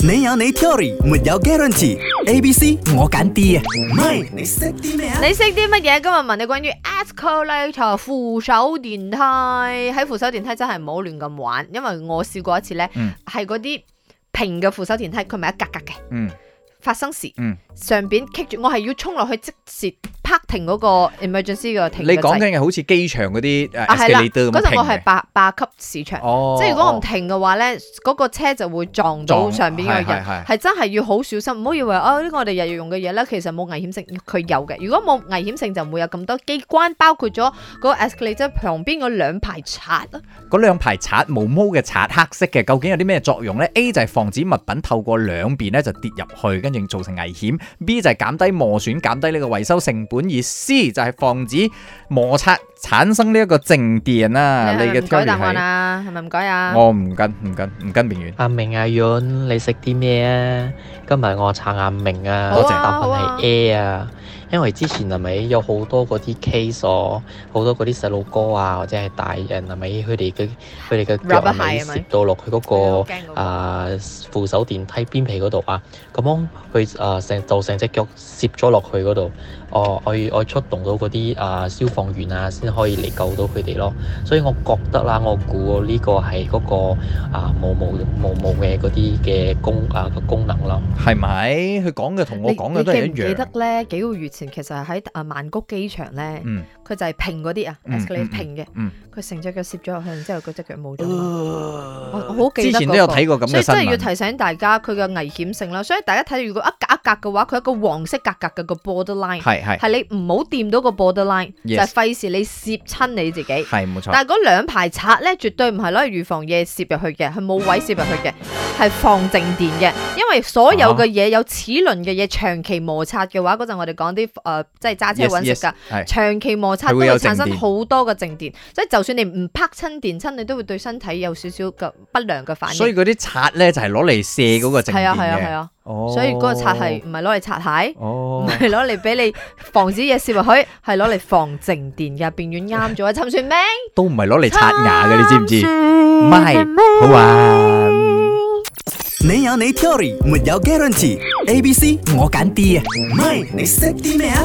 你有你 theory 沒有 guarantee。A、B、C 我揀 D 啊！係你識啲咩啊？你識啲乜嘢？今日問你關於 escalator 扶手電梯，喺扶手電梯真係唔好亂咁玩，因為我試過一次咧，係嗰啲平嘅扶手電梯，佢咪一格格嘅。嗯，發生時，嗯，上邊棘住，我係要衝落去即時。泊停嗰個 emergency 嘅停，你講緊係好似機場嗰啲 escalator 咁停嘅。嗰陣我係八八級市場，即係如果我唔停嘅話咧，嗰個車就會撞到上邊嘅人，係真係要好小心。唔好以為哦呢個我哋日日用嘅嘢咧，其實冇危險性，佢有嘅。如果冇危險性，就唔會有咁多機關，包括咗嗰個 escalator 旁邊嗰兩排刷。嗰兩排刷毛毛嘅刷，黑色嘅，究竟有啲咩作用咧？A 就係防止物品透過兩邊咧就跌入去，跟住造成危險；B 就係減低磨損，減低呢個維修成本。本意思，就係防止摩擦產生呢一個靜電啊！你嘅挑選係？係咪唔該啊？我唔跟唔跟唔跟，跟明遠。阿明阿遠，你食啲咩啊？今日我撐阿明啊，多謝，答案係 a 啊，a 啊啊因為之前係咪有好多嗰啲 case 啊？好多嗰啲細路哥啊，或者係大人係咪佢哋嘅佢哋嘅腳咪攝到落去嗰個是是啊是是扶手電梯邊皮嗰度啊？咁樣佢啊成就成隻腳攝咗落去嗰度，我、啊啊啊啊、我我出動到嗰啲啊消防員啊先可以嚟救到佢哋咯。所以我覺得啦，我估。呢個係嗰、那個啊，冇冇冇冇嘅嗰啲嘅功啊個功能咯，係咪？佢講嘅同我講嘅都係一樣。記，記得咧幾個月前，其實喺啊曼谷機場咧，佢、嗯、就係平嗰啲啊，平嘅、嗯，佢成隻腳攝咗入去，之、嗯、後嗰隻腳冇咗。哦哦。記得那個、之前都有睇過咁樣的，所以真係要提醒大家佢嘅危險性啦。所以大家睇到如果一格一格嘅話，佢一個黃色格格嘅是是 個 borderline 係你唔 Yes .好掂到個 borderline，就費事你攝親你自己係冇錯。但係嗰兩排刷咧，絕對唔係攞嚟預防嘢攝入去嘅，係冇位攝入去嘅，係防靜電嘅。因為所有嘅嘢、uh huh. 有齒輪嘅嘢，長期摩擦嘅話，嗰陣我哋講啲誒、呃，即係揸車揾食嘅，yes. Yes. 長期摩擦是都會產生好多嘅靜電。即係就算你唔拍親電親，你都會對身體有少少嘅不反應，所以嗰啲刷咧就係攞嚟卸嗰個靜電嘅，所以嗰個刷係唔係攞嚟擦鞋，唔係攞嚟俾你防止嘢攝落去，係攞嚟防靜電嘅。變軟啱咗啊！沉船命都唔係攞嚟刷牙嘅，你知唔尋算 知？唔係，好啊。你有你 theory，沒有 guarantee。A B C 我揀 D 啊，唔係你識啲咩啊？